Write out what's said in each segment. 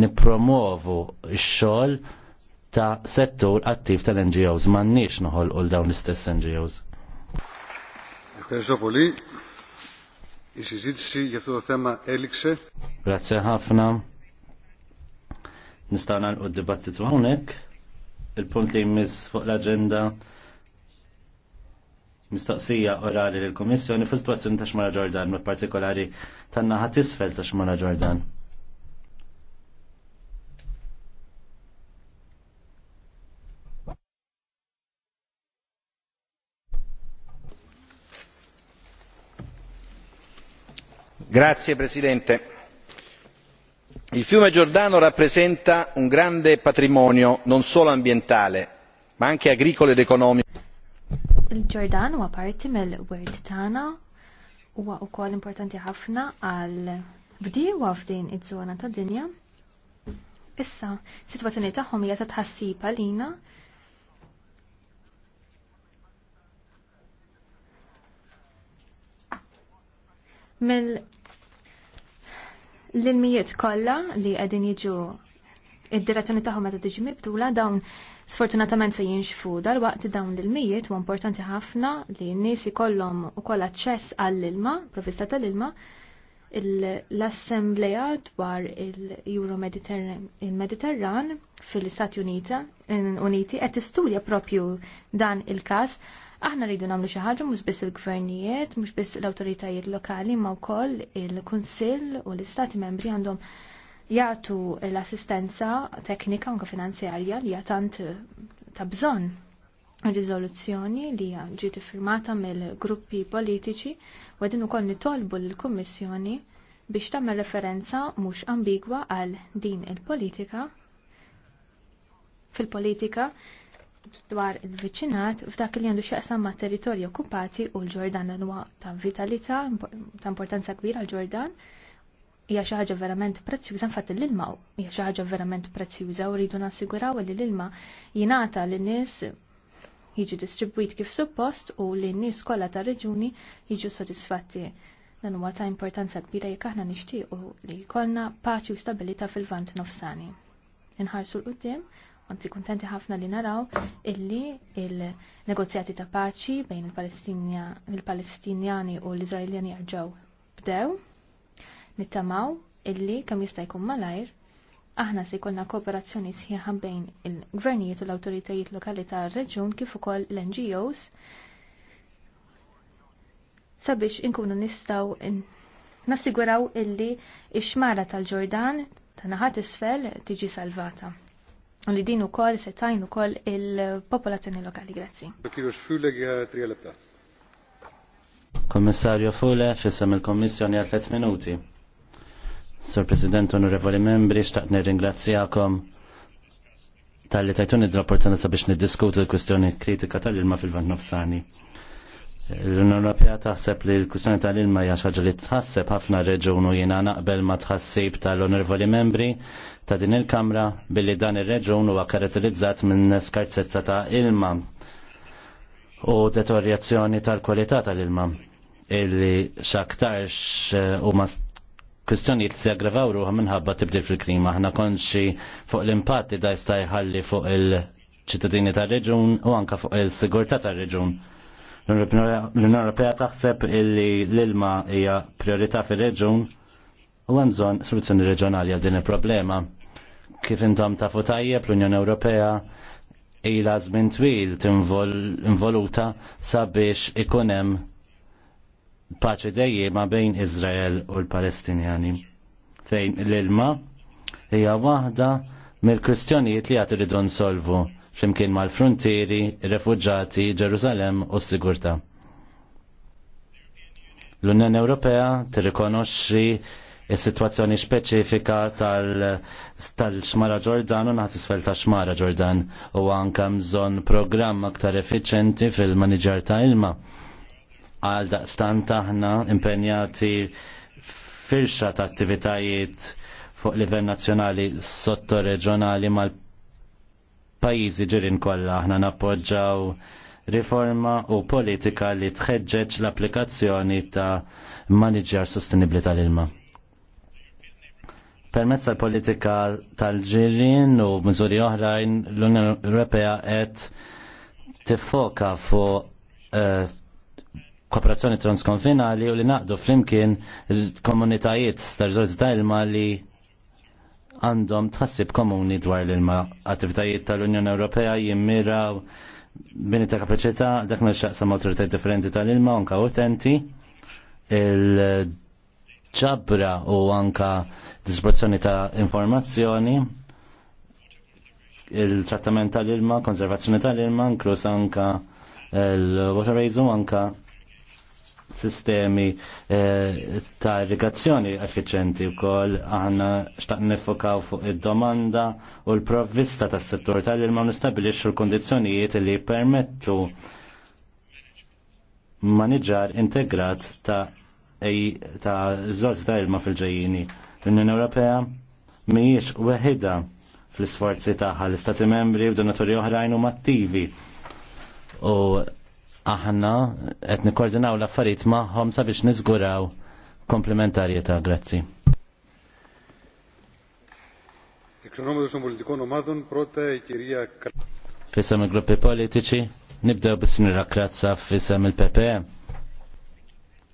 nipromovu x-xogħol ta' settur attiv tal-NGOs, m'għandniex u l dawn l-istess NGOs. Ευχαριστώ Grazie ħafna. Nistgħu nagħlqu d-dibattitu hawnhekk. Il-punt li jmiss fuq l-aġenda mistoqsija orali lill-Kummissjoni fu situazzjoni ta' Xmara Ġordan, mod partikolari tan-naħa tisfel ta' Xmara Ġordan. signor presidente il fiume giordano rappresenta un grande patrimonio non solo ambientale ma anche agricolo ed economico. il huwa wkoll importanti ħafna għal bdiewa f'din iż-żona dinja. Issa, sitwazzjoni tagħhom hija ta' mill l-ilmijiet kollha li qegħdin jiġu id-direzzjoni tagħhom meta tiġi mibtula dawn sfortunatament se jinxfu dal dal-waqt dawn l-ilmijiet u importanti ħafna li n-nies jkollhom ukoll aċċess għall-ilma, provvista tal-ilma, l-assembleja dwar il-Euro mediterran fil-Istati Uniti qed tistudja propju dan il-każ Aħna rridu nagħmlu xi ħaġa mhux biss il-gvernijiet, mhux biss l-awtoritajiet lokali ma wkoll il-Kunsill u l-Istati membri għandhom jagħtu l-assistenza teknika anke finanzjarja li tant eh, ta' bżonn riżoluzzjoni li ġiet firmata mill-gruppi politiċi u qegħdin ukoll nitolbu l-Kummissjoni biex tagħmel referenza mhux ambigwa għal din il-politika fil-politika dwar il-viċinat f'dak li għandu xaqsam ma' territorji okkupati u l-Ġordan huwa ta' vitalità ta' importanza kbira l ġordan hija xi ħaġa verament prezzjuża infatti l-ilma hija xi ħaġa verament prezzjuża u rridu nassiguraw li l-ilma jingħata lin-nies jiġi distribwit kif suppost u li n-nies kollha tar-reġuni jiġu sodisfatti. Dan huwa ta' importanza kbira jekk aħna nixtiequ li jkollna paċi u stabilità fil-vant nofsani. Inħarsu l-qudiem anzi kontenti ħafna li naraw illi il-negozjati ta' paċi bejn il-Palestinjani u l-Izraeljani għarġaw bdew. Nittamaw illi kemm jista' jkun malajr aħna se jkollna kooperazzjoni sħiħa bejn il-gvernijiet u l-awtoritajiet lokali tar-reġjun kif ukoll l-NGOs sabiex inkunu nistaw nassiguraw illi ix-xmara tal-Ġordan ta' naħat isfel tiġi salvata li din kol se tajn kol il-popolazzjoni lokali. Grazzi. Kommissarju Fule, fissam il komissjoni għal 3 minuti. Sur President, onorevoli membri, xtaqt nirringrazzjakom tal-li tajtuni l-opportunità biex nid-diskutu l-kwestjoni kritika tal-ilma fil-vant nofsani. L-Unjoni Ewropea taħseb li l-kwistjoni tal-ilma hija xi li tħasseb ħafna reġun u jiena naqbel ma tħassib tal-onorevoli membri ta' din il-Kamra billi dan ir-reġun huwa karatterizzat minn skarzezza ta' ilma u detorjazzjoni tal-kwalità tal-ilma illi xaktarx eh, huma kwistjonijiet se jaggravaw ruħha minħabba tibdil fil-klima. Aħna konxi fuq l-impatt li da jista' jħalli fuq il-ċittadini tar-reġun u anke fuq il-sigurtà tar-reġun. il sigurtà tar reġun reġun L-Unjoni Ewropea taħseb illi l-ilma hija priorità fir-reġun u hemm bżonn soluzzjoni reġjonali għal din il-problema. Kif intom tafu tajjeb l-Unjoni Ewropea ila żmien twil involuta sabiex ikun hemm paċi dejjema bejn Izrael u l-Palestinjani. Fejn l-ilma hija waħda mill-kwistjonijiet li għat iridu nsolvu flimkien mal-frontieri, refugġati, Ġerusalem u s-sigurta. L-Unjoni Ewropea tirrikonoxxi is-sitwazzjoni speċifika tal-xmara Ġordan u naħt isfel ta' xmara Ġordan u anke bżonn programm aktar effiċenti fil-maniġar ta' ilma. Għal daqstan taħna impenjati firxa ta' attivitajiet fuq livell nazzjonali sotto reġjonali mal pajjiżi ġirin kollha aħna nappoġġaw riforma u politika li tħeġġeġ l-applikazzjoni ta' maniġjar sostenibli tal-ilma. Permezz tal-politika tal-ġirien u miżuri oħrajn l-Unjoni Ewropea qed tiffoka fuq eh, kooperazzjoni transkonfinali u li naqdu flimkien il-komunitajiet tal-żorz tal-ilma li għandhom tħassib komuni dwar l-ilma attivitajiet tal-Unjoni Ewropea jimmiraw bini ta' kapacita dak ma' xaqsam autoritajiet differenti tal-ilma unka utenti il-ġabra u anka disporzjoni ta' informazzjoni il-trattament tal-ilma, konservazzjoni tal-ilma, inkluż anka l-waterways anka sistemi eh, ta' irrigazzjoni effiċenti wkoll aħna xtaq nifokaw fuq id-domanda u l-provvista tas settur tal-ilma nistabilixxu l kundizzjonijiet li permettu maniġar integrat ta' ta' żort ta' ilma fil-ġejjini. L-Unjoni Ewropea mhijiex weħida fl-isforzi tagħha l-Istati membri u donatori oħrajn huma attivi. U aħna qed nikkoordinaw l-affarijiet magħhom sabiex niżguraw komplementarjetà. Grazzi. Fisem il-gruppi politiċi, nibdew bis-sinjura Krazza fisem il-PPE.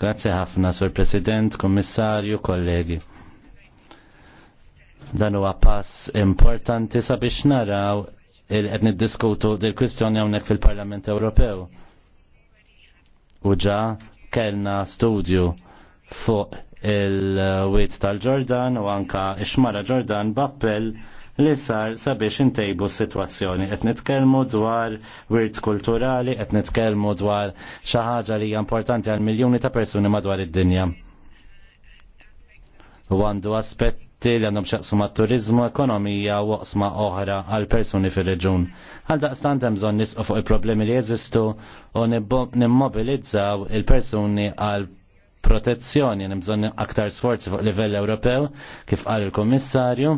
Grazzi ħafna, Sur President, Kommissarju, kollegi. Dan huwa pass importanti sabiex naraw il-qed niddiskutu dil-kwistjoni hawnhekk fil-Parlament Ewropew u ġa kellna studju fuq il-wit tal-ġordan u anka ixmara ġordan bappell li sar sabiex intejbu s-situazzjoni. Et nitkelmu dwar wirt kulturali, et nitkelmu dwar xaħġa li importanti għal miljoni ta' persuni madwar id-dinja. U għandu aspet prodotti li għandhom xaqsu ma' turizmu, ekonomija u oqsma oħra għal persuni fil-reġun. Għal daqstant hemm bżonn nisqu fuq il-problemi li jeżistu u nimmobilizzaw il-persuni għal protezzjoni, hemm aktar sforzi fuq livell Ewropew kif qal il-Kummissarju.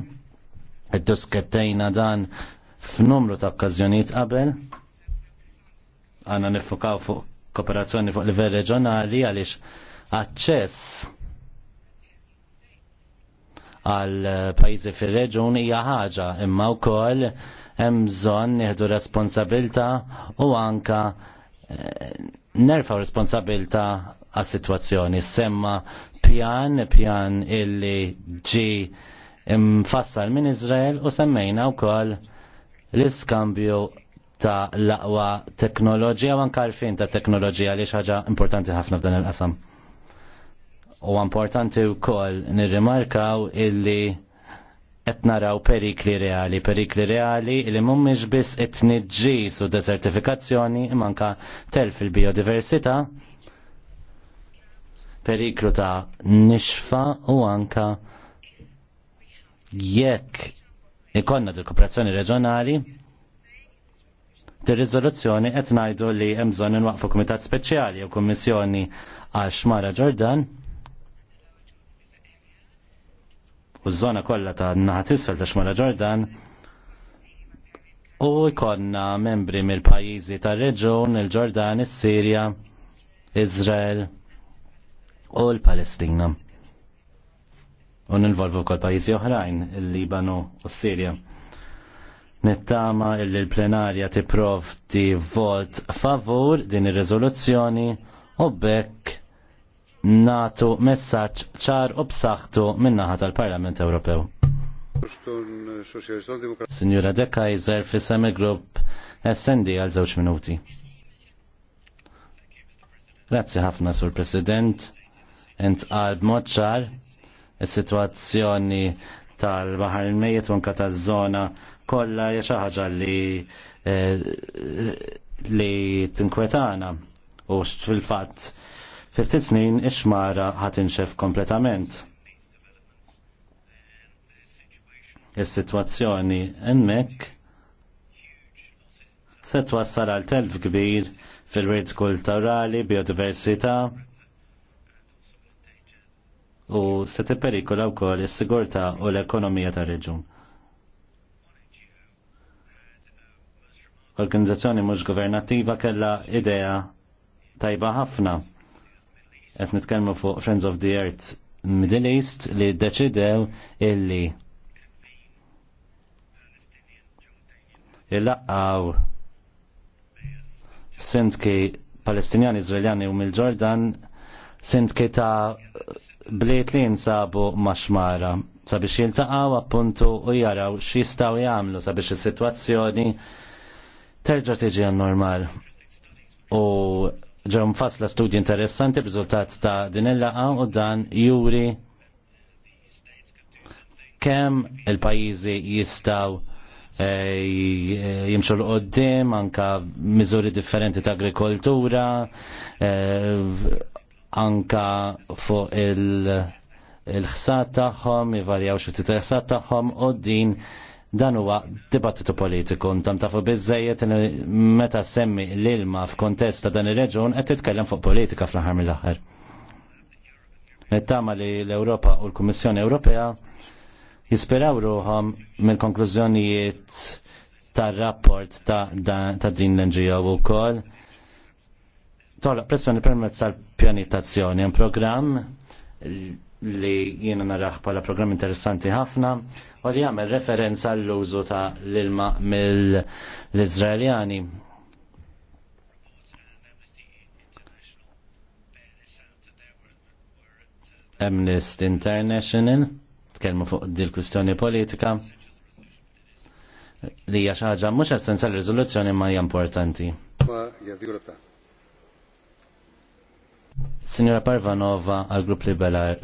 Id-duskettejna dan f'numru ta' okkażjonijiet qabel. Għanna nifukaw fuq kooperazzjoni fuq livell reġjonali għaliex aċċess għal pajjiżi fir-reġun hija ħaġa imma wkoll hemm bżonn nieħdu responsabilta u anka eh, nerfaw responsabilta għas situazzjoni semma pjan, pjan illi ġi mfassal minn Izrael u semmejna wkoll l-iskambju ta' l-aqwa teknoloġija u anka l-fin ta' teknoloġija li xaġa importanti ħafna f'dan il-qasam. U importanti wkoll nirrimarkaw illi qed naraw perikli reali, perikli reali li mhumiex biss qed su desertifikazzjoni desertifikazzjoni manka telf il-biodiversità periklu ta' nixfa u anka jekk ikonna dil-kooperazzjoni reġjonali tir riżoluzzjoni qed ngħidu li hemm bżonn inwaqfu kumitat speċjali jew kummissjoni għax Mara Ġordan u żona kollha ta' naħat isfel ta' xmara Ġordan u jkollna membri mill-pajjiżi tar-reġun, il-Ġordan, is-Sirja, Izrael u l-Palestina. U ninvolvu kol pajjiżi oħrajn, il-Libanu u s-Sirja. Nittama il-plenarja l-plenarja ti vot favur din ir-riżoluzzjoni u bekk natu messaġġ ċar u b'saħħtu min-naħa tal-Parlament Ewropew. Signora De Kaiser fi semi grupp SND għal żewġ minuti. Grazzi ħafna sur President. Ent b'mod mod ċar is-sitwazzjoni tal-Baħar il-Mejjet u anka taż-żona kollha hija xi ħaġa li eh, li tinkwetana u fil-fatt ftit snin ix-xmara ħatinxef kompletament. Is-sitwazzjoni hemmhekk se twassal għal telf kbir fil-wirt kulturali, biodiversità u se tipperikola wkoll is-sigurtà u l-ekonomija tar-reġun. organizzazzjoni mhux governattiva kellha idea tajba ħafna qed nitkellmu fuq Friends of the Earth Middle East li deċidew illi il-laqaw sindki palestinjani, izraeljani u mill-ġordan sindki ta' bliet li jinsabu maċmara sabiex jiltaqaw appuntu u jaraw xistaw jagħmlu sabiex is-sitwazzjoni terġa' tiġi normal. U ġew mfassla studji interessanti b'riżultat ta' din il-laqa u dan juri kemm il-pajjiżi jistgħu eh, jimxu l-qoddim anka miżuri differenti ta' agrikoltura eh, anka fuq il- il-ħsat tagħhom, ivarjaw xi ħsat tagħhom u din Dan huwa dibattitu politiku, ntam tafu bizzejiet meta semmi l-ilma f'kontest ta' dan ir-reġun qed titkellem fuq politika fl-aħħar mill-aħħar. Nittama li l-Ewropa u l-Kummissjoni Ewropea jisperaw ruħom mill-konklużjonijiet tar-rapport ta', ta din l-NGO wkoll. Tolla pressjoni permezz tal-pjanitazzjoni, un programm li jiena naraħ bħala programm interessanti ħafna u li jagħmel referenza l-użu ta' l-ilma mill-Izraeljani. Amnesty International tkellmu fuq dil kwistjoni politika li għaxħaġa xi ħaġa mhux essenzjali riżoluzzjoni ma hija importanti. Signora Parvanova, għal grupp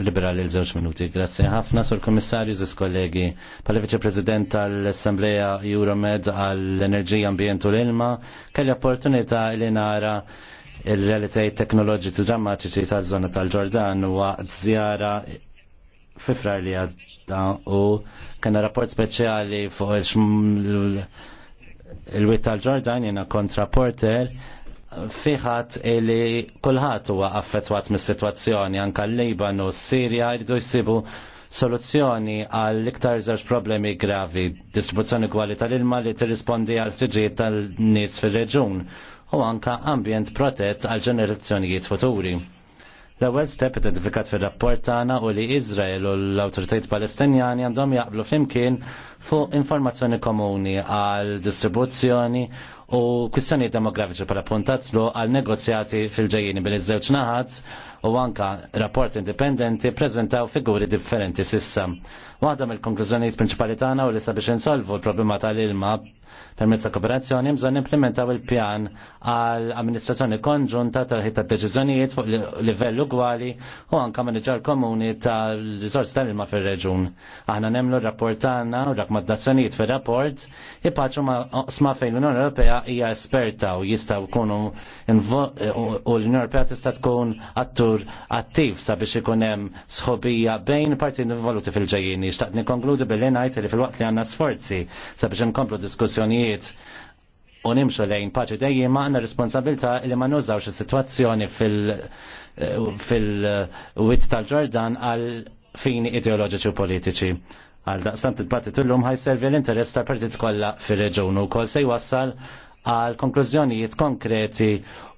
liberali l żewġ minuti. Grazie ħafna, sur komissarju Zis kollegi. Pala viċe prezident tal-Assembleja Euromed għall-Enerġija, Ambient u l-Ilma, kelli opportunità li nara il-realitajt teknoloġiċi drammatiċi tal-zona tal-ġordan u zjara fifrar li għadda u kena rapport speċjali fuq il-wit tal-ġordan jena kontra porter fiħat li kulħadd huwa affettwat mis-sitwazzjoni anke l libanu u s-Sirja jridu jsibu soluzzjoni għal iktar żewġ problemi gravi, distribuzzjoni kwali tal-ilma li tirrispondi għal ftiġijiet tal-nies fir-reġun u anka ambjent protett għal ġenerazzjonijiet futuri. L-ewwel step identifikat fir-rapport tagħna u li Iżrael u l-awtoritajiet Palestinjani għandhom jaqblu flimkien fuq informazzjoni komuni għal distribuzzjoni u kwistjonijiet demografiċi bħala puntatlu għal negozjati fil-ġejjini bil-iż-żewġ naħat u anka rapport indipendenti prezentaw figuri differenti sissa. Waħda mill-konklużjonijiet prinċipali tagħna u li sabiex insolvu l-problema tal-ilma permezz ta' kooperazzjoni bżonn implementaw il-pjan għal amministrazzjoni konġunta ta' ħita deċiżjonijiet fuq livell ugwali u anka maniġar komuni ta' risorsi tal-ilma fir-reġun. Aħna nemlu r-rapport tagħna u rakkomandazzjonijiet fir-rapport ipaċu ma' sma fejn l-Unjoni Ewropea hija esperta u jistgħu jkunu u l-Unjoni Ewropea tista' tkun attur attiv sabiex ikun hemm sħobija bejn partit involuti fil-ġejjini. Xtaqt nikkonkludi billi ngħid li fil-waqt li għandna sforzi sabiex nkomplu diskussjoni sanzjonijiet u nimxu lejn paċi dejjem għandna responsabilta li ma nużawx is-sitwazzjoni fil- fil tal-ġordan għal fini ideoloġiċi u politiċi. Għal daqstant t partit illum ħajservi l-interess tal-partit kollha fir-reġun u kol se jwassal għal konklużjonijiet konkreti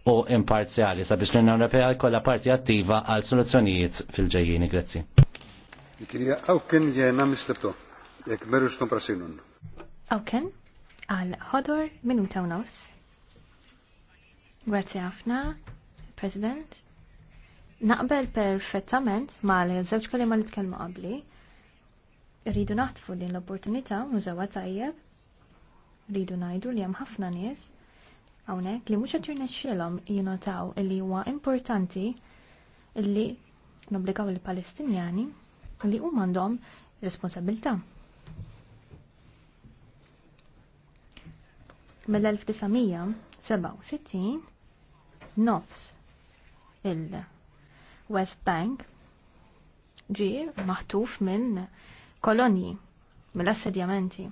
u imparzjali sabiex l-Unjoni Ewropea jkollha parti attiva għal soluzzjonijiet fil-ġejjini. Grazzi. Għawken jena mislibtu, jek merux xtum prasinun. Okay għal ħodor minuta u nofs. Grazzi ħafna, President. Naqbel perfettament ma li żewġ kalima li tkellmu qabli. Rridu naħtfu din l-opportunità nużawha tajjeb. Rridu ngħidu li hemm ħafna nies hawnhekk li mhux qed jirnexxielhom jinotaw li huwa importanti li nobbligaw il-Palestinjani li huma għandhom responsabilità. mill-1967 nofs il-West Bank ġi maħtuf minn kolonji mill-assedjamenti.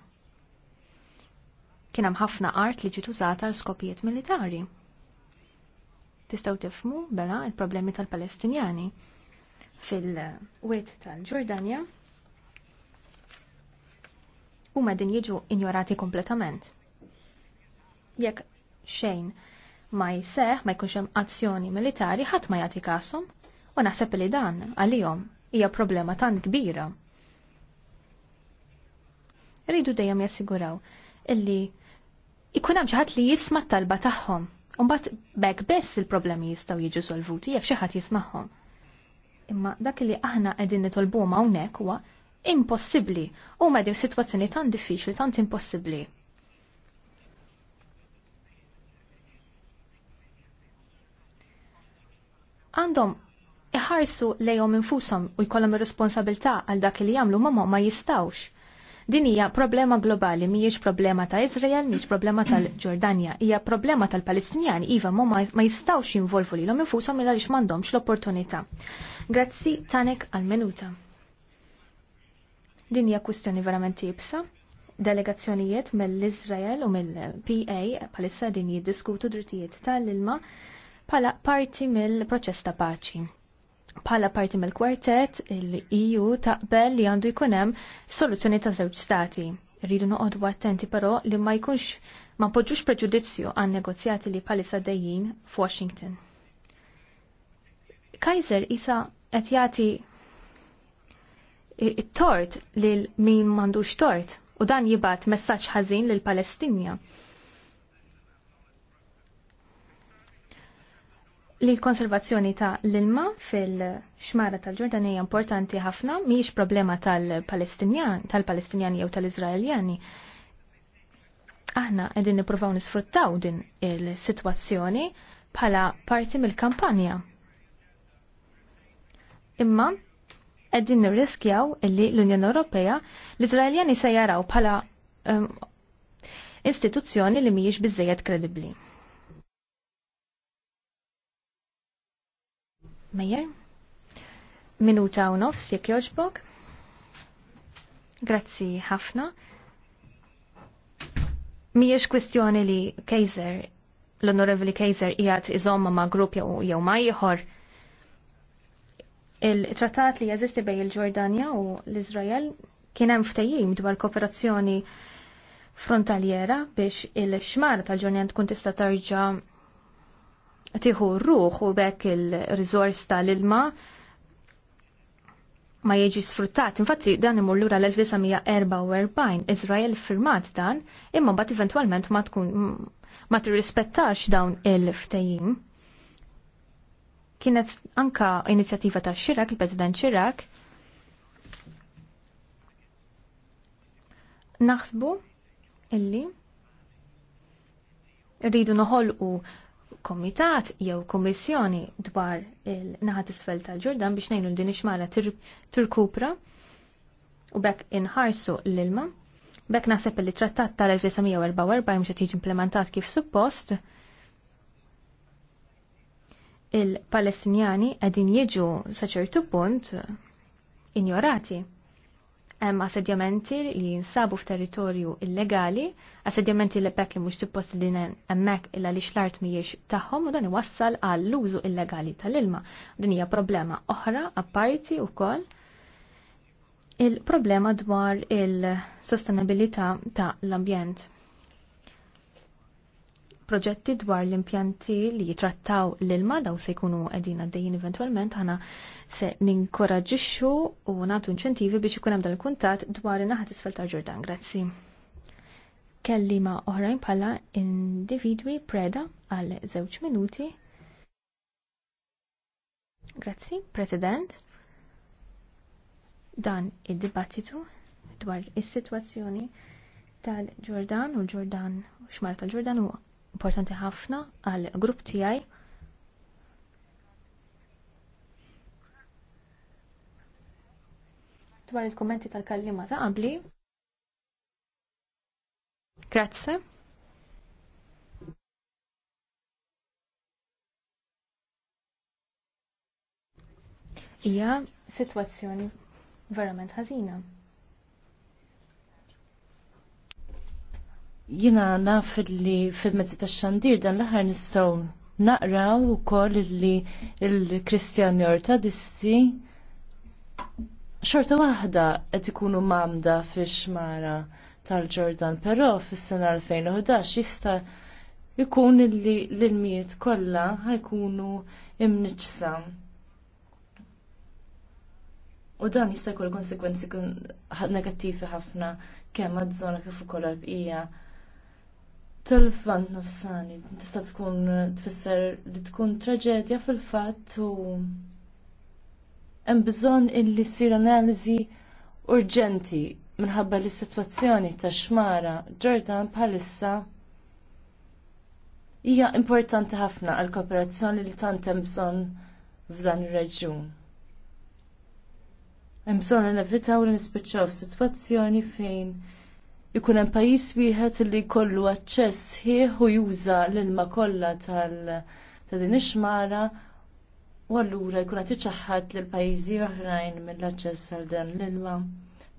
Kien hemm ħafna art li ġiet użata għal skopijiet militari. Tistgħu tifhmu bela il-problemi tal-Palestinjani fil-wet tal-Ġordanja huma din jiġu injorati kompletament jekk xejn ma jseħ ma jkunx hemm azzjoni militari ħadd ma jagħti kasom u naħseb li dan għalihom hija problema tant kbira. Rridu dejjem jassiguraw illi ikun hemm xi ħadd li jisma' t-talba tagħhom Umbat bekk bess il-problemi jistaw jiġu solvuti jekk xi ħadd jismagħhom. Imma dak li aħna qegħdin nitolbuhom hawnhekk huwa impossibbli huma ma dew sitwazzjoni tant diffiċli tant impossibbli. għandhom iħarsu lejhom infushom u jkollhom ir-responsabilità għal dak li jagħmlu ma ma jistawx. Din hija problema globali, mhijiex problema ta' Izrael, mhijiex problema tal-Ġordanja, hija problema tal-Palestinjani, iva ma ma jistawx jinvolvu lilhom infushom illa għaliex m'għandhomx l-opportunità. Grazzi tanek għal menuta Din hija kwistjoni verament jibsa delegazzjonijiet mill-Izrael u mill-PA palissa din jiddiskutu drittijiet tal-ilma bħala parti mill-proċess ta' paċi. Bħala parti mill-kwartet, il-EU taqbel li għandu jkunem soluzzjoni ta' żewġ stati. Rridu noqogħdu attenti però li ma jkunx ma poġġux preġudizzju għan negozjati li bħalissa dejjin f'Washington. Kaiser isa qed jagħti it-tort lil min m'għandux tort u dan jibgħat messaġġ ħażin lil Palestinja. li l-konservazzjoni ta' l-ilma fil-xmara tal-Ġordanija importanti ħafna miex problema tal-Palestinjan, tal-Palestinjani jew tal-Izraeljani. Aħna qegħdin nippruvaw nisfruttaw din il-sitwazzjoni bħala parti mill-kampanja. Imma qegħdin nirriskjaw illi l-Unjoni Ewropea l-Izraeljani se jaraw bħala um, istituzzjoni li mhijiex biżejjed kredibbli. Mejer. Minuta u nofs jekk joġbok. Grazzi ħafna. Miex kwistjoni li Kaiser, l-Onorevoli Kaiser jgħat iżomma ma' grupp jew ma' ieħor il-trattat li jeżisti bej il ġordania u l-Izrael kien hemm ftehim dwar kooperazzjoni frontaljera biex il xmar tal ġurnjant tkun tista' tarġa' tiħu rruħ u bekk il-rizors tal-ilma ma jieġi sfruttat. Infatti dan imur lura l-1944 Izrael firmat dan imma bat eventualment ma tkun ma tirrispettax dawn il-ftajim. Kienet anka inizjativa ta' Xirak, il-President Xirak, naħsbu illi rridu noħolqu komitat jew komissjoni dwar il-naħat isfel tal-ġordan biex nejnu din ixmara tirkupra u bekk inħarsu l-ilma. Bekk naħseb li trattat tal-1944 mhux qed implementat kif suppost il-Palestinjani qegħdin jiġu sa ċertu punt injorati hemm assedjamenti li jinsabu f'territorju illegali, assedjamenti li bekk li mhux suppost li hemmhekk illa li l-art mhijiex tagħhom u dan iwassal għal l-użu illegali tal-ilma. Din hija problema oħra apparti wkoll il-problema dwar il-sostenabilità ta' l-ambjent proġetti dwar l-impjanti li jitrattaw l-ilma daw se jkunu għedin għaddejjin eventualment ħana se ninkoraġixxu u nagħtu inċentivi biex ikun hemm dan il-kuntatt dwar in naħat isfel ta' Ġordan. Grazzi. Kellima oħrajn bħala individwi preda għal żewġ minuti. Grazzi, President. Dan id-dibattitu dwar is-sitwazzjoni tal-Ġordan u l-Ġordan xmara tal-Ġordan huwa importanti ħafna għal grupp tiegħi dwar il-kommenti tal-kallima ta' qabli. Grazzi. Ija situazzjoni verament ħażina. Jina naf li fil-mezzi ta' xandir dan l-aħħar nistgħu naqraw ukoll li l-Kristjani Ortodissi dissi xorta waħda qed ikunu mamda fix-xmara tal-Ġordan, però fis-sena 2011 jista' jkun li l-miet kollha ħajkunu imniċsa. U dan jista' jkollu konsekwenzi negattivi ħafna kemm għad-żona kif ukoll għall-bqija tal-vant nofsani. Tista' tkun tfisser li tkun traġedja fil-fatt u hemm bżonn illi ssir analiżi urġenti minħabba li s-sitwazzjoni tax xmara Ġordan bħalissa hija importanti ħafna għall kooperazzjoni li tant hemm bżonn f'dan ir-reġjun. Hemm bżonn nevitaw li nispiċċaw sitwazzjoni fejn ikun hemm pajjiż wieħed li jkollu aċċess ħieħ u juża l-ilma kollha tal ta' din ix-xmara u allura jkun qed iċaħħad lil pajjiżi oħrajn mill-aċċess għal dan l-ilma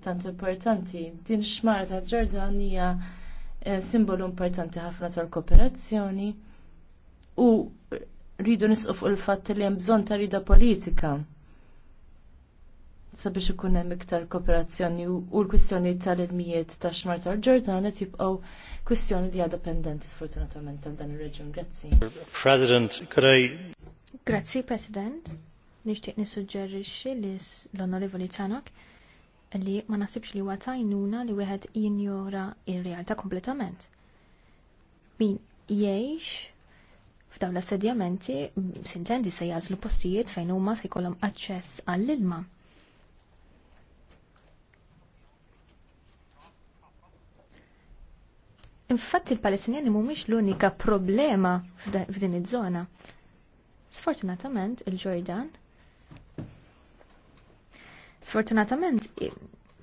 tant importanti. Din xmara tal-Ġordan hija eh, simbolu importanti ħafna tal-kooperazzjoni u rridu nisqu fuq il-fatt li hemm bżonn ta' rida politika sabiex ikun hemm iktar kooperazzjoni u l-kwistjoni tal-ilmijiet ta' xmar tal-ġordan qed jibqgħu kwistjoni li għadha pendenti sfortunatament għal dan ir-reġjun. Grazzi. President, could I... Grazzi, President. Nixtieq nissuġġerixxi li l-Onorevoli Ċanok li ma naħsibx li huwa tajnuna li wieħed jinjora ir-realtà kompletament. Min jgħix f'dawn l-assedjamenti sintendi se jażlu postijiet fejn huma se jkollhom aċċess għall-ilma Infatti il-Palestinjani mhumiex l-unika problema f'din iż-żona. Sfortunatament il-Ġordan Sfortunatament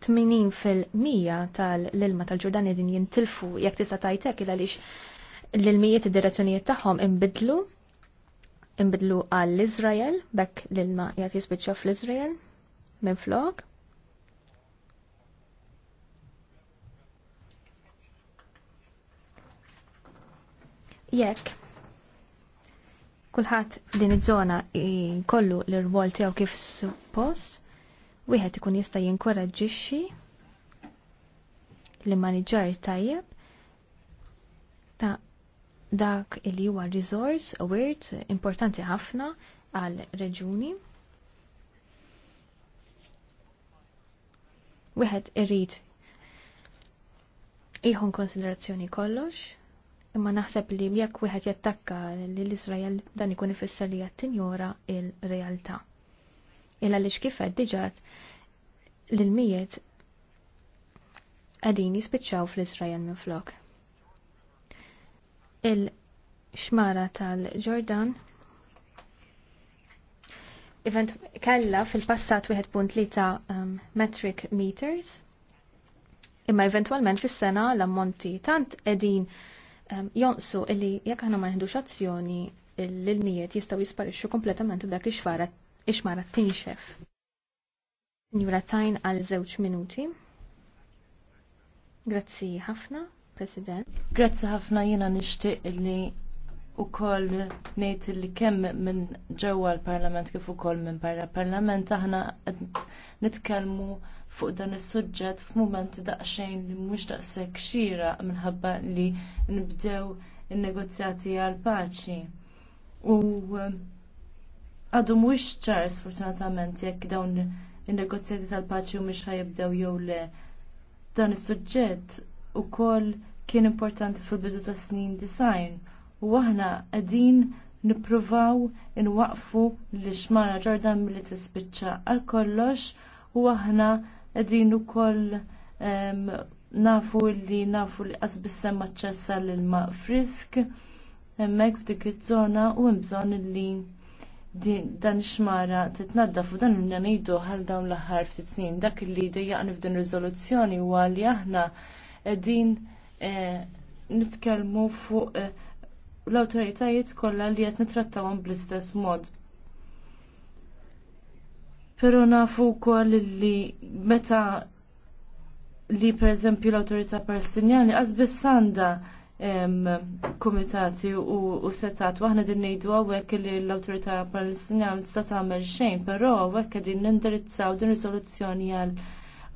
80 fil-mija tal-ilma tal-Ġordani din jintilfu jekk tista' tajtek il għaliex l-ilmijiet id-direzzjonijiet tagħhom imbidlu inbidlu għall-Iżrael bekk l-ilma jgħat jispiċċa fl-Iżrael minn flok. jekk kulħadd din iż-żona jkollu l-irwol tiegħu kif suppost, wieħed ikun jista' jinkoraġġixxi l immaniġġar tajjeb ta' dak li huwa resource award importanti ħafna għal reġuni. Wieħed irrid iħon konsiderazzjoni kollox. Imma naħseb li jekk wieħed jattakka lill israel dan ikun ifisser li qed tinjora il-realtà. Illa għaliex kif qed diġat l-mijiet qegħdin jispiċċaw fl minn minflok. Il-xmara tal-Ġordan event kella fil-passat wieħed 1.3 um, metric meters imma eventualment fis-sena l-ammonti tant edin jonqsu illi jekk aħna ma nħidux azzjoni l-ilmijiet jistgħu jisparixxu kompletament u dak ix-xmara ix-xmara tinxef. Njura tajn għal żewġ minuti. Grazzi ħafna, President. Grazzi ħafna jiena nixtieq li wkoll ngħid li kemm minn ġewwa l-parlament kif ukoll minn barra parlament aħna qed nitkellmu fuq dan is-suġġett f'mument daqsxejn li mhux daqshekk xira minħabba li nbdew in-negozjati għall paċi. U eh, għadu mhuwiex ċar sfortunatament jekk dawn in-negozjati tal-paċi mhux ħajibdew jew le. Dan is-suġġett ukoll kien importanti fil-bidu ta' snin design u aħna qegħdin nippruvaw inwaqfu li xmara ġordan milli tispiċċa għal kollox u aħna qegħdin ukoll ehm, nafu li nafu li qasbis maċċessa l-ilma frisk hemmhekk f'dik iż-żona u hemm bżonn li dan ix-xmara titnaddaf u dan minna ngħidu ħal dawn l-aħħar ftit snin. Dak li dejjaqni f'din riżoluzzjoni huwa li aħna qegħdin eh, nitkellmu fuq eh, l-awtoritajiet kollha li qed nitrattawhom bl-istess mod. Pero nafu wkoll li meta li pereżempju l-awtorità Palestinjani qasbis għandha komitati u, u setat waħna din nejdu għawek li l-awtorità Palestinjana tista' tagħmel xejn, però hawnhekk qegħdin nindirizzaw din riżoluzzjoni għal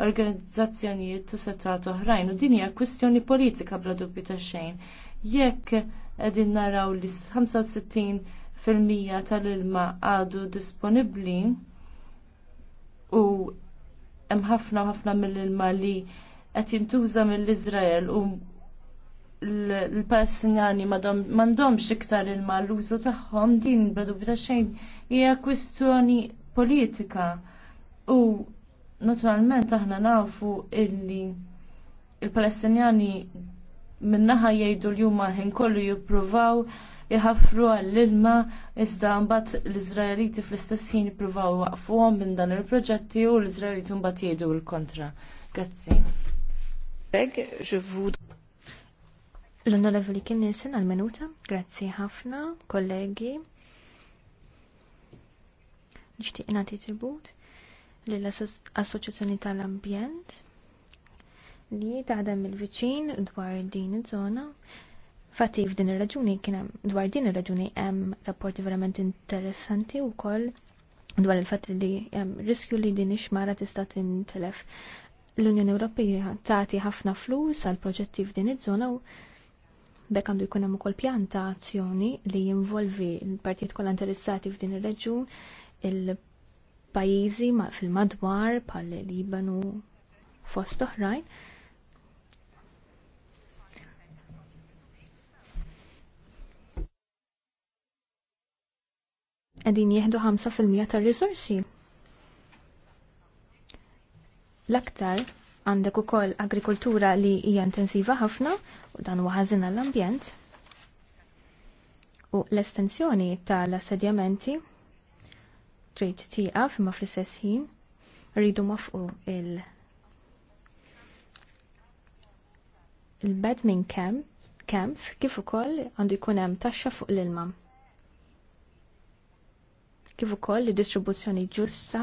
organizzazzjonijiet u setat oħrajn u din hija kwistjoni politika bla dubju ta' xejn. Jekk qegħdin naraw li 65% tal-ilma għadu disponibbli u hemm ħafna ħafna mill-ilma li qed jintuża mill-Iżrael u l-Palestinjani m'għandhomx iktar ilma l-użu tagħhom din bita xejn hija kwistjoni politika u naturalment aħna nafu illi il-Palestinjani minnaħa jgħidu li jumma ħin kollu jippruvaw jħafru għall-ilma iżda mbagħad l-Iżraeliti fl-istess ħin jippruvaw waqfuhom minn dan il-proġetti u l-Iżraeliti mbagħad jgħidu l-kontra. Grazzi. L-onorevoli kien Nielsen għal menuta grazzi ħafna, kollegi. Nixtieq nagħti tribut lill-Assoċjazzjoni tal-Ambjent li taħdem il-viċin dwar din iż-żona Fatti f'din ir-raġuni kien hemm dwar din ir-raġuni hemm rapporti verament interessanti wkoll dwar il-fatt li hemm riskju li din ix-xmara tista' tintelef. L-Unjoni Ewropea tagħti ħafna flus għal proġetti f'din iż-żona u bekk għandu jkun hemm ukoll pjan ta' azzjoni li jinvolvi l-partijiet kollha interessati f'din ir-reġjun il-pajjiżi fil-madwar bħal Libanu fost oħrajn qegħdin jieħdu 5% tar rizorsi L-aktar għandek ukoll agrikoltura li hija intensiva ħafna u dan huwa ħażin l ambjent U l-estensjoni tal-assedjamenti trejt tieqaf imma fl-istess ħin rridu mafqu il- il-bed minn camps kif ukoll għandu jkun hemm taxxa fuq l-ilma kif ukoll distribuzzjoni ġusta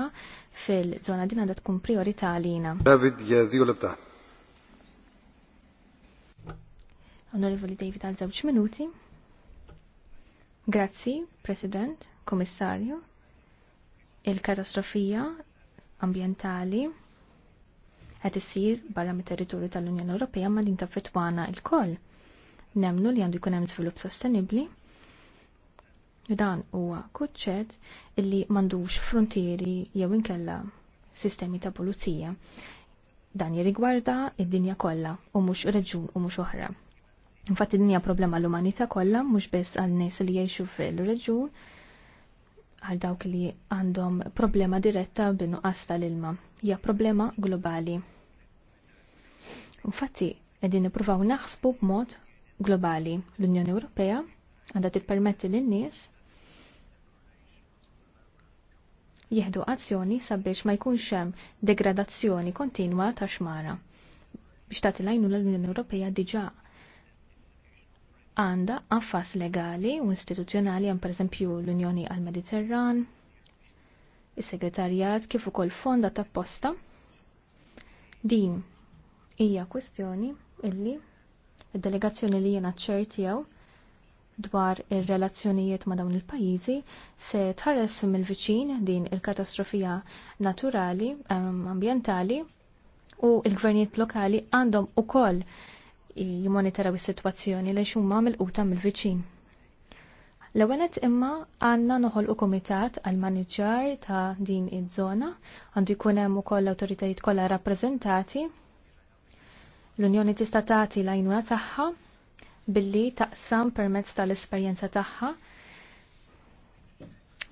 fil-żona din għandha tkun priorità għalina. David jedhi u lebda. Onorevoli David għal żewġ minuti. Grazzi, President, Komissarju. Il-katastrofija ambientali qed issir barra mit-territorju tal-Unjoni Ewropea ma din taffettwana il koll Nemnu li għandu jkun hemm żvilupp sostenibbli Dan huwa kuċċett illi m'għandux frontieri jew inkella sistemi ta' pulizija. Dan jirrigwarda id-dinja kollha u mhux reġun u mhux oħra. Infatti din hija problema l-umanità kollha mhux biss għal nies li jgħixu fil-reġun għal dawk li għandhom problema diretta b'nuqqas tal-ilma. Hija problema globali. Infatti, qegħdin nippruvaw naħsbu b'mod globali. L-Unjoni Ewropea għandha tippermetti lin-nies jieħdu azzjoni sabiex ma jkunx hemm degradazzjoni kontinwa ta' xmara. Biex tagħti lajnu l-Unjoni Ewropea diġà għandha affas legali u istituzzjonali hemm pereżempju l-Unjoni għall mediterran is-Segretarjat kif ukoll fonda ta' posta. Din hija kwestjoni illi id-delegazzjoni li jiena ċertijaw dwar ir-relazzjonijiet ma' dawn il-pajjiżi se tħares mill-viċin din il-katastrofija naturali ambjentali u l-gvernijiet lokali għandhom ukoll jimmonitaraw is-sitwazzjoni li huma mill-quta mill-viċin. L-ewenet imma għanna noħolqu komitat għal maniġġar ta' din id żona għandu jkun hemm ukoll l-awtoritajiet kollha rappreżentati. L-Unjoni tista' tagħti l-għajnuna tagħha billi taqsam permezz tal-esperjenza tagħha.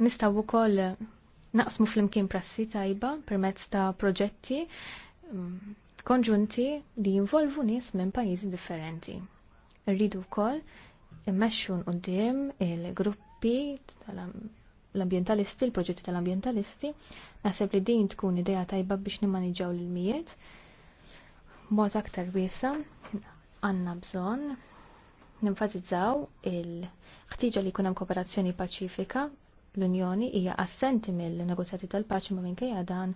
Nistgħu wkoll naqsmu flimkien prassi tajba permezz ta' proġetti mm, konġunti li jinvolvu nies minn pajjiżi differenti. Rridu wkoll immexxu qudiem il-gruppi l-ambientalisti, il-proġetti tal-ambientalisti, naħseb li din tkun idea tajba biex nimmaniġaw l-mijiet mod aktar wiesa għandna bżonn Nenfatizzaw il-ħtiġa li jkun hemm kooperazzjoni paċifika l-Unjoni hija assenti mill-negozjati tal-paċi ma' minkejja dan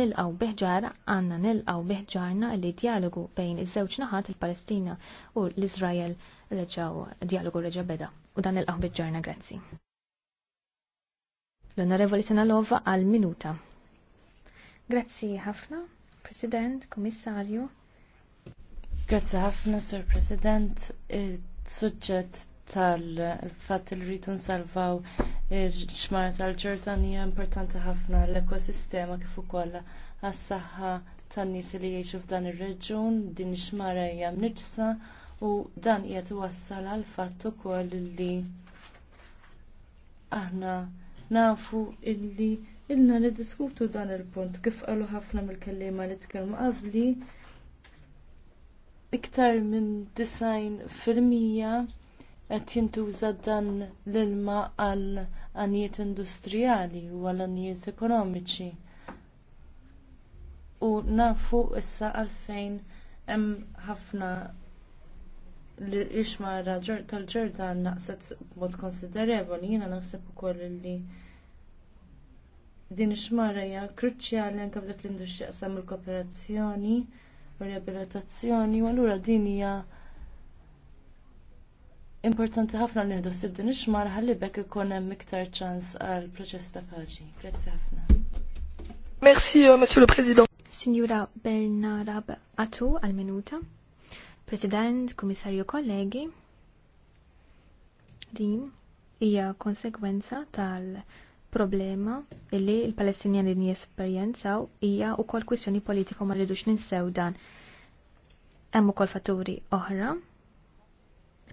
nilqaw biħġar għandna nilqaw biħġarna li dialogu bejn iż-żewġ naħat il-Palestina u l-Iżrael reġaw dialogu reġa' beda u dan nilqaw biħġarna grazzi. L-Onorevoli Senalova għal minuta. Grazzi ħafna, President, Komissarju Grazzi ħafna, Sur President. Il-sujġet tal-fat li rridu nsalvaw il-xmara tal-ġordanija importanti ħafna l-ekosistema kif ukoll għas-saħħa tan-nies li jgħixu f'dan ir-reġjun, din ix-xmara hija mniġsa u dan qiegħed iwassal għal fatt ukoll li aħna nafu illi ilna niddiskutu dan il-punt kif qalu ħafna mill kelliema li tkellmu qabli iktar minn 90 fil-mija qed jintuża dan l-ilma għal għanijiet industrijali u għal għanijiet ekonomiċi. U nafu issa għalfejn hemm ħafna l-ixmara tal-ġordan naqset b'mod konsiderevoli, jiena naħseb ukoll li din ix-xmara hija kruċjali anke f'dak l-industrija qasam il-kooperazzjoni u u allura din hija importanti ħafna li nieħdu ħsieb din ix-xmar ħalli bekk ikun hemm iktar ċans għal proċess ta' paċi. Grazzi ħafna. Merci, euh, Monsieur le Président. Signora Bernarab Atu għal-minuta, President, Komissarju Kollegi, din hija konsegwenza tal- problema illi l palestinjani jesperjenzaw hija wkoll kwistjoni politika ma rridux ninsew dan. Hemm ukoll fatturi oħra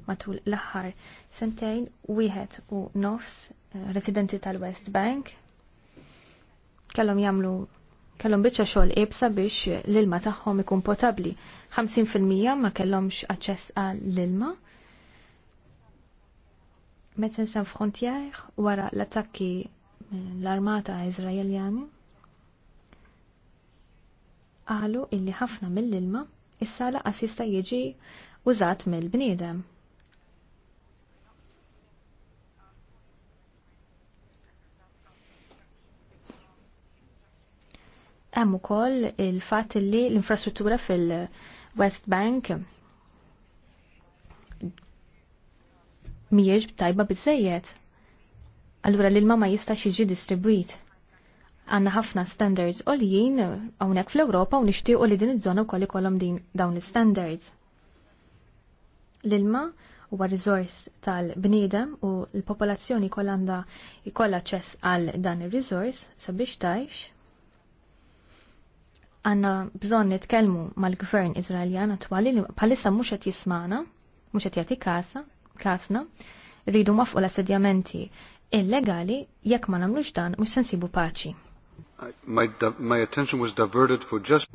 matul l-aħħar sentejn wieħed u nofs eh, residenti tal-West Bank kellhom jagħmlu kellhom biċċa xogħol qiebsa biex l-ilma tagħhom ikun potabbli. 50% ma kellhomx aċċess għall-ilma. Médecins Sans Frontières wara l-attakki l-armata Izraeljan qalu illi ħafna mill-ilma issa laqas jista' jiġi użat mill-bniedem. Hemm ukoll il-fatt li l-infrastruttura fil-West Bank mhijiex tajba biżejjed allura l-ilma ma jistax jiġi distribwit. Għanna ħafna standards jien uh, hawnhekk fl-Ewropa u u li din iż-żona wkoll ikollhom din dawn l-standards. L-ilma huwa riżors tal-bniedem u l-popolazzjoni kollha għandha jkoll aċċess għal dan ir-riżors sabiex tajx. Għanna bżonn nitkellmu mal-gvern Iżraeljan għatwali li bħalissa mhux qed jismana, mhux qed jagħti kasa, kasna, rridu mafqu l-assedjamenti illegali jekk ma nagħmlux dan mhux se nsibu paċi. My, my attention was diverted for just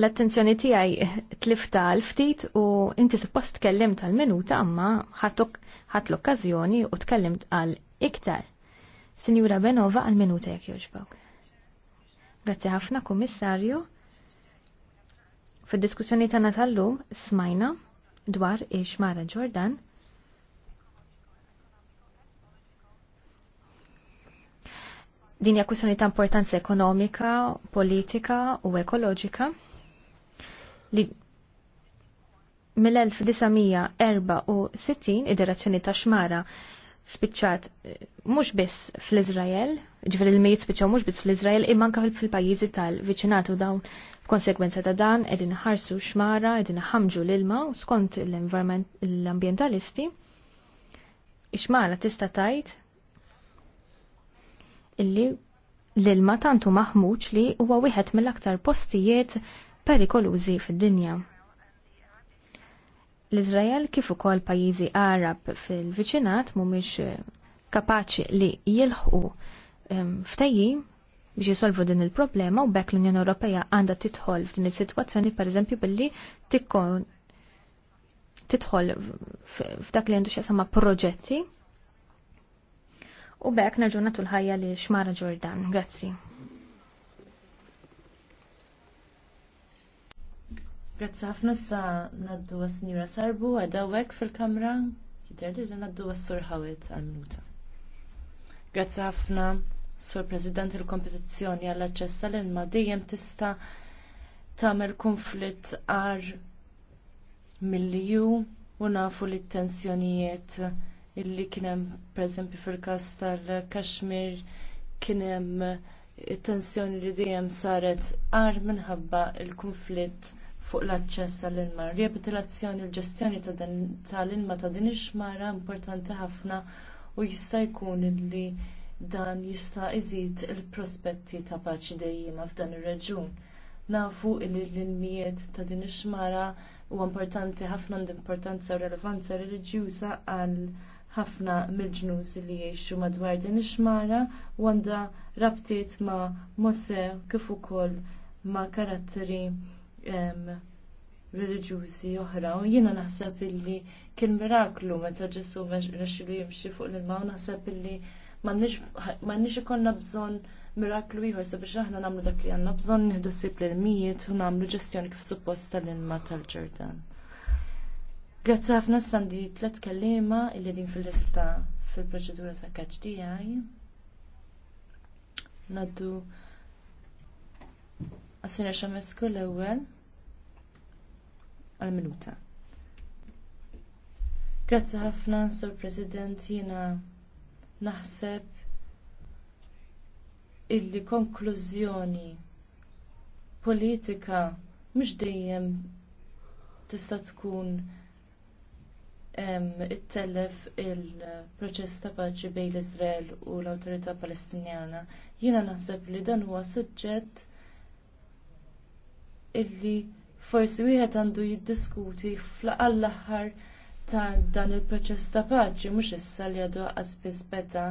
L-attenzjoni tiegħi tlifta l ftit u inti suppost tkellimt għal minuta amma ħadd l-okkażjoni u tkellimt għal iktar. Sinjura Benova għal minuta jekk jogħġbok. Grazzi ħafna, Kummissarju. Fid-diskussjoni tagħna tal-lum smajna dwar ix-Mara Ġordan din hija kwistjoni ta' importanza ekonomika, politika u ekoloġika li mill-1964 id-direzzjoni ta' xmara spiċċat eh, mhux biss fl-Iżrael, ġifieri il-mejt spiċċaw mhux biss fl-Iżrael imma anke fil-pajjiżi tal-viċinatu dawn konsekwenza ta' dan qegħdin ħarsu xmara, qegħdin ħamġu l-ilma skont l-ambjentalisti. Ix-xmara tista' tajt illi l-ilma tantu maħmuċ li huwa wieħed mill-aktar postijiet perikolużi fid-dinja. L-Izrael kif ukoll pajjiżi Arab fil-viċinat mhumiex eh, kapaċi li jilħqu ehm, ftejjim biex jisolvu din il-problema u bekk l-Unjoni Ewropea għandha tidħol f'din is-sitwazzjoni pereżempju billi tikkon tidħol f'dak li għandu xi proġetti u bekk nerġuna tul ħajja li xmara Ġordan. Grazzi. Grazzi ħafna sa naddu għas-Sinjura Sarbu għadawek fil-kamra. Jider li naddu għas-Sur Ħawet għal-minuta. Grazzi ħafna, Sur President, il-kompetizzjoni għall-aċċess l ilma dejjem tista' tagħmel konflitt għar mill-ju u nafu li t-tensjonijiet illi kienem preżempju fil-kas tal-Kashmir kienem eh, tensjoni li dejjem saret għar minħabba l konflitt fuq l-aċċess għall-ilma. Rehabilitazzjoni l ġestjoni tal-ilma ta' din ix-xmara importanti ħafna u jista' jkun illi dan jista' iżid il-prospetti ta' paċi dejjima f'dan ir-reġjun. Nafu illi l-ilmijiet ta' din ix-xmara huwa importanti ħafna għand importanza u relevanza reliġjuża għal ħafna mill-ġnus li jgħixu madwar din ix-xmara u għandha rabtiet ma' Mose kif ukoll ma' karatteri reliġjużi oħra u jiena naħseb illi kien miraklu meta ġesu rexxilu jimxi fuq l-ilma u naħseb illi m'għandniex ikollna bżonn miraklu ieħor sabiex aħna nagħmlu dak li għandna bżonn nieħdu sib l mijiet u nagħmlu ġestjoni kif suppost tal-ilma tal-Ġordan. Grazzi ħafna sandi tlet kellima il din fil-lista fil-proċedura ta' kaċ tiegħi. Naddu għas xamesku l-ewwel għal-minuta. Grazzi ħafna, Sur President, jiena naħseb illi konklużjoni politika mhux dejjem tista' tkun it-tellef il-proċess ta' paċi bejn l-Izrael u l-Awtorità Palestinjana. Jiena naħseb li dan huwa suġġett illi forsi wieħed għandu jiddiskuti fl-aqal aħħar ta' dan il-proċess ta' paċi mhux issa li għadu biss beta.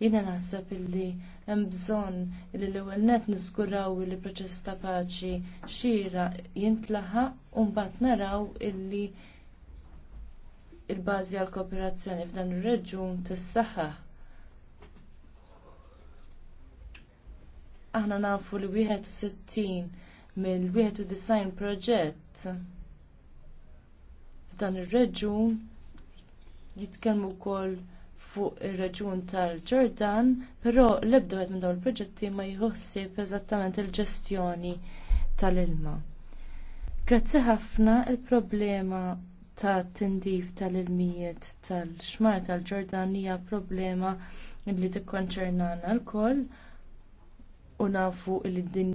Jiena naħseb illi hemm bżonn li l-ewwel nett niżguraw li proċess ta' paċi xira jintlaħaq u mbagħad naraw illi il-bażi għall kooperazzjoni f'dan ir-reġjun tas-saħħa. Aħna nafu li wieħed u wieħed mill-91 proġett f'dan ir-reġjun jitkellmu wkoll fuq ir-reġjun tal-Ġordan, però l-ebda minn dawn il-proġetti ma jħossib eżattament il-ġestjoni tal-ilma. Grazzi ħafna il-problema ta' tindif tal-ilmijiet tal-xmar tal-ġordan hija problema li tikkonċernana lkoll u nafu li din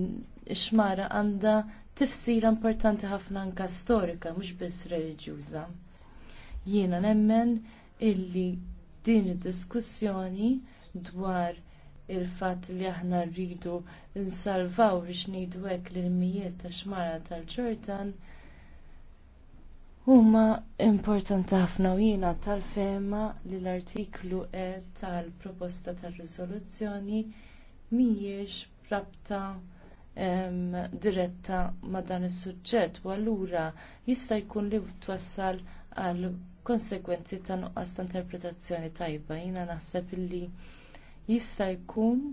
ix-xmara għandha tifsira importanti ħafna anke storika mhux biss reliġjuża. Jiena nemmen illi din id-diskussjoni dwar il-fatt li aħna rridu nsalvaw biex ngħidu hekk l-ilmijiet tax-xmara tal-ġordan tal ġordan huma importanti ħafna u jiena tal-fema li l-artiklu e tal-proposta tar-riżoluzzjoni mhijiex rabta diretta ma' dan is-suġġett u allura jista' jkun li twassal għal konsegwenzi ta' nuqqas ta' interpretazzjoni tajba. Jiena naħseb illi jista' jkun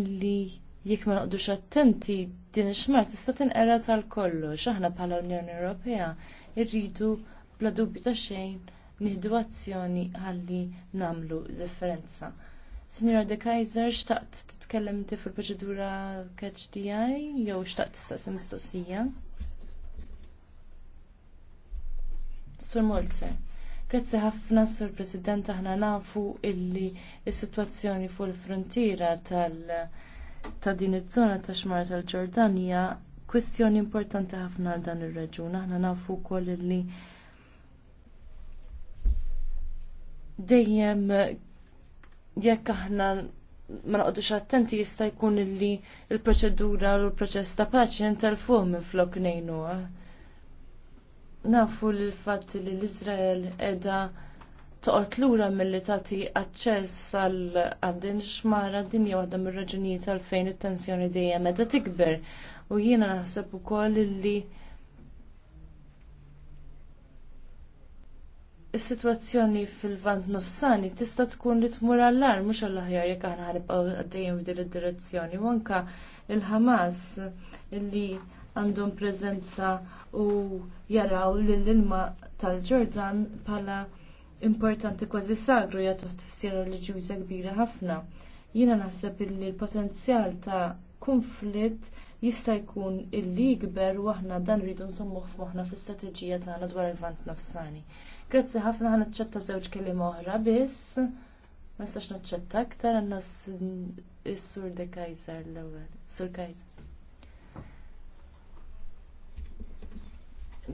illi jekk ma noqdux attenti din ix-xmar tista' tinqera tal-kollox. Aħna bħala Unjoni Ewropea rridu bla dubju ta' xejn nieħdu azzjoni ħalli nagħmlu differenza. Signora De Kaiser, xtaqt titkellem inti fil-proċedura catch DI jew xtaqt tistaqsi mistoqsija? Sur Molzer. Grazzi ħafna, Sur President, aħna nafu illi s-sitwazzjoni fuq il-frontiera tal- ta' din iż-żona ta' xmar tal-Ġordan hija kwistjoni importanti ħafna għal dan ir reġun Aħna nafu wkoll li dejjem jekk aħna ma naqdux attenti jista' jkun li l-proċedura u l-proċess ta' paċi jintelfuh minn flok ngħinuha. Nafu l-fatt li l-Iżrael qiegħda toqgħod lura milli tagħti aċċess għal din xmara din hija waħda mir-raġunijiet għalfejn it-tensjoni dejjem meta tikber. U jiena naħseb ukoll li is-sitwazzjoni fil-vant nofsani tista' tkun li tmur allar mhux għall-aħjar jekk aħna ħarbqgħu għaddejjem f'din id-direzzjoni. U anke il-Ħamas li għandhom preżenza u jaraw lil ilma tal-Ġordan bħala importanti kważi sagru jagħtu tifsira reliġjuża kbira ħafna. Jiena naħseb li l-potenzjal ta' konflitt jista' jkun illi jikber u aħna dan rridu nsommuh f'moħħna fl-istrateġija tagħna dwar il-vant nofsani. Grazzi ħafna ħana ċetta żewġ keliem oħra biss. Ma nistax naċċetta aktar għandna s-sur de Kaiser l-ewwel. Sur Kaiser.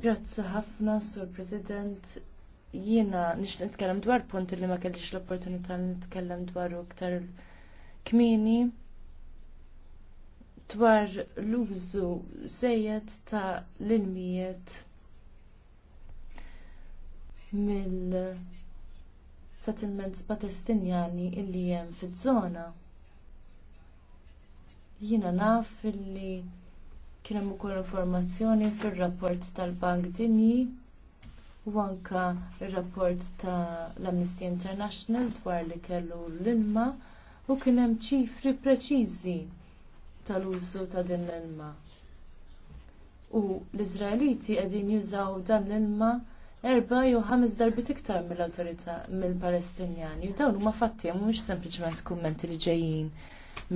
Grazzi ħafna, Sur President jiena nix nitkellem dwar punt li ma kellix l-opportunità li nitkellem u iktar kmieni dwar l-użu żejjed ta' l inmijiet mill-settlements Patestinjani illi hemm fiż-żona. Jiena naf illi kien hemm ukoll informazzjoni fir-rapport tal-Bank Dinji u anke r-rapport ta' l-Amnesty International dwar li kellu l-ilma u kien hemm ċifri preċiżi tal-użu ta' din l-ilma. U l-Iżraeliti qegħdin jużaw dan l-ilma erba' jew ħames darbit iktar mill-awtorità mill-Palestinjani. U dawn huma fatti mhumiex sempliċement kummenti li ġejjin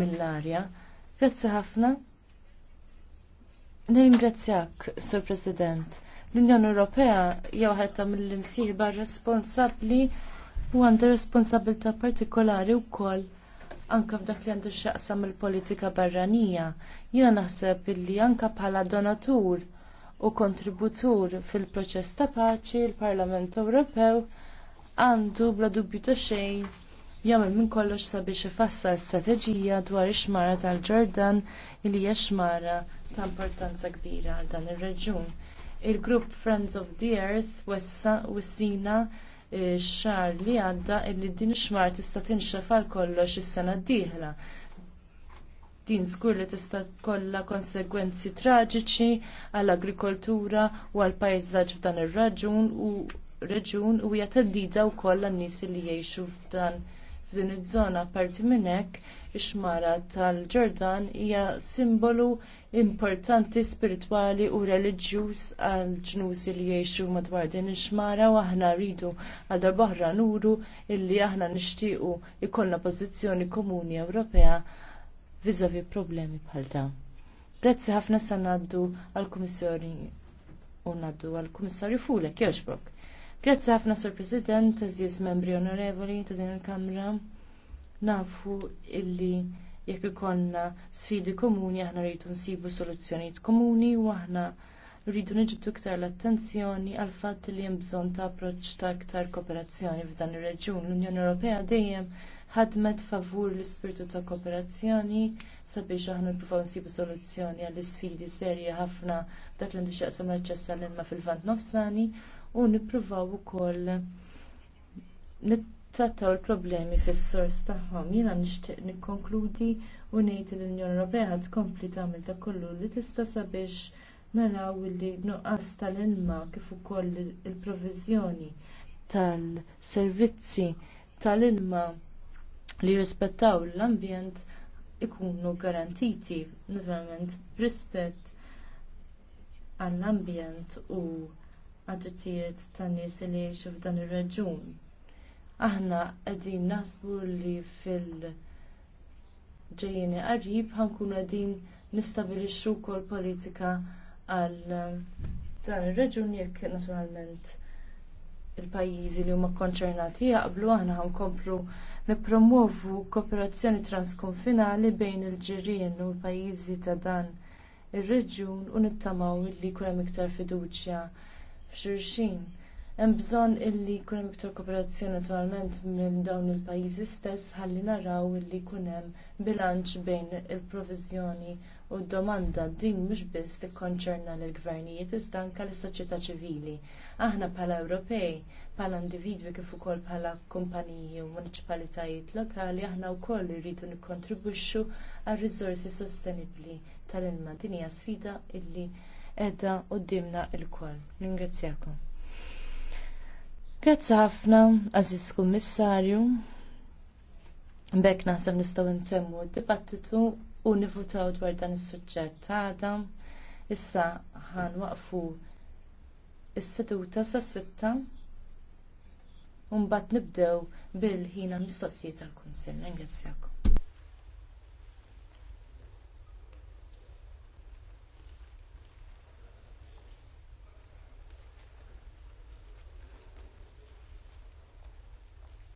mill-arja. Grazzi ħafna. Nirringrazzjak, Sur President. L-Unjoni Ewropea jew ħadd mill-imsieħba responsabbli u għandha responsabilità partikolari wkoll anke f'dak li għandu x'jaqsam il-politika barranija. Jiena naħseb li anke bħala donatur u kontributur fil-proċess ta' paċi l-Parlament Ewropew għandu bla dubju ta' xejn jagħmel minn kollox sabiex ifassal strateġija dwar ix-xmara tal-Ġordan li hija xmara ta' importanza kbira għal dan ir-reġjun il-grupp Friends of the Earth wissina eh, xar li għadda illi din xmar tista' tinxef għal kollox is-sena d-dieħla. Din żgur li tista' kollha konsegwenzi traġiċi għall-agrikoltura u għall-pajżaġġ f'dan ir-raġun u reġun u hija teddida wkoll għan-nies li jgħixu f'dan f'din iż-żona parti minn hekk ix-xmara tal-Ġordan hija simbolu importanti spiritwali u reliġjuż għal ġnusi li jgħixu madwar din ix-xmara u aħna rridu għal darbohra nuru illi aħna nixtiequ ikollna pożizzjoni komuni Ewropea viżavi problemi bħal dawn. Grazzi ħafna sa ngħaddu għall-Kummissjoni u ngħaddu għall-Kummissarju Fulek, jogħġbok. Grazzi ħafna Sur President, eżis membri onorevoli ta' din il-Kamra nafu illi jekk ikonna sfidi komuni aħna rridu nsibu soluzzjonijiet komuni u aħna rridu niġibdu iktar l-attenzjoni għal fatt li hemm bżonn ta' approċċ ta' iktar kooperazzjoni f'dan ir-reġjun. L-Unjoni Ewropea dejjem ħadmet favur l-ispirtu ta' kooperazzjoni sabiex aħna nippruvaw nsibu soluzzjoni għall isfidi serji ħafna dak li għandu x'jaqsam l-aċċess għall-ilma fil-vant nofsani u nippruvaw ukoll trattaw il-problemi fis-sors tagħhom. Jiena nixtieq nikkonkludi u ngħid li l-Unjoni Ewropea tkompli tagħmel ta' kollu li tista' sabiex naraw li nuqqas tal-ilma kif ukoll il-proviżjoni tal-servizzi tal-ilma li jirrispettaw l-ambjent ikunu garantiti, naturalment, rispett għall-ambjent u għad-drittijiet tan nies li jgħixu f'dan ir-reġjun aħna qegħdin naħsbu li fil-ġejjeni qarib ħankun qegħdin nistabilixxu wkoll politika għal eh, dan ir-reġun jekk naturalment il-pajjiżi li huma konċernati jaqblu aħna ħankomplu nippromovu kooperazzjoni transkonfinali bejn il-ġirien u l-pajjiżi ta' dan ir-reġjun u nittamaw li jkun hemm iktar fiduċja f'xulxin. Hemm bżonn illi jkun hemm iktar kooperazzjoni naturalment minn dawn il-pajjiżi stess ħalli naraw illi jkun hemm bilanċ bejn il-proviżjoni u d-domanda din mhux biss tikkonċerna lill gvernijiet iżda anke lis-soċjetà ċivili. Aħna bħala Ewropej, bħala individwi kif ukoll bħala kumpaniji u municipalitajiet lokali aħna wkoll irridu nikkontribwixxu għar-riżorsi sostenibbli tal-ilma. Din hija sfida illi qiegħda qudiemna lkoll. Ningrazzjakom. Grazzi ħafna, Aziz Kummissarju. Bekk nasem nistgħu ntemmu d-dibattitu u nifutaw dwar dan is-suġġett għada. Issa ħan waqfu is-seduta sa' sitta u mbagħad nibdew bil-ħina mistoqsijiet tal-Kunsill. Ringrazzjakom.